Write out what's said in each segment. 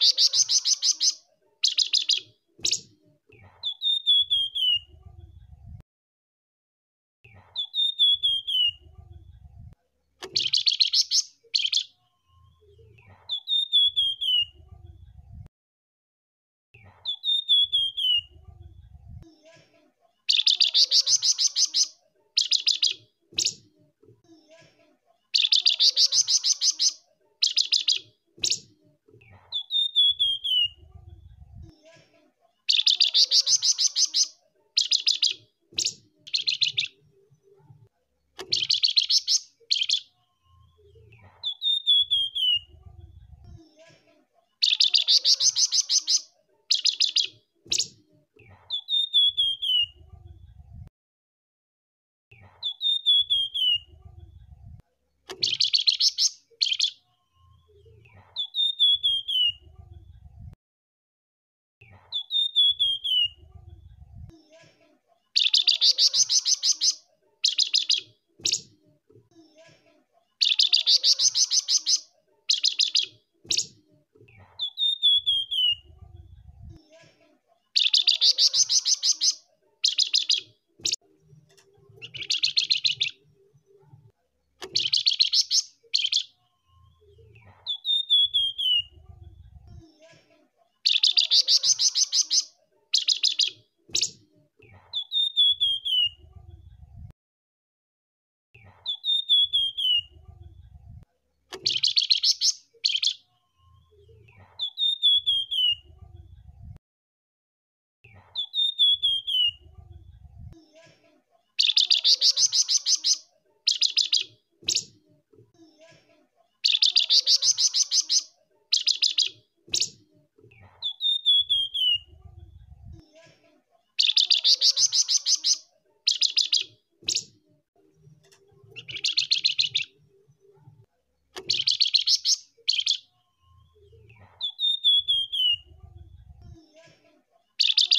Psst, psst, psst. Thank you.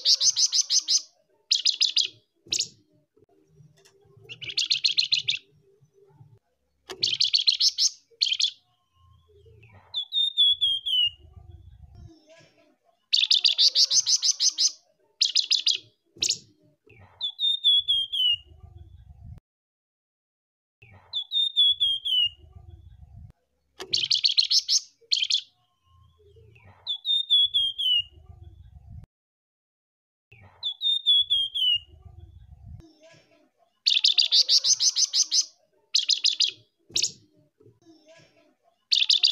Chus,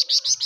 Thank you.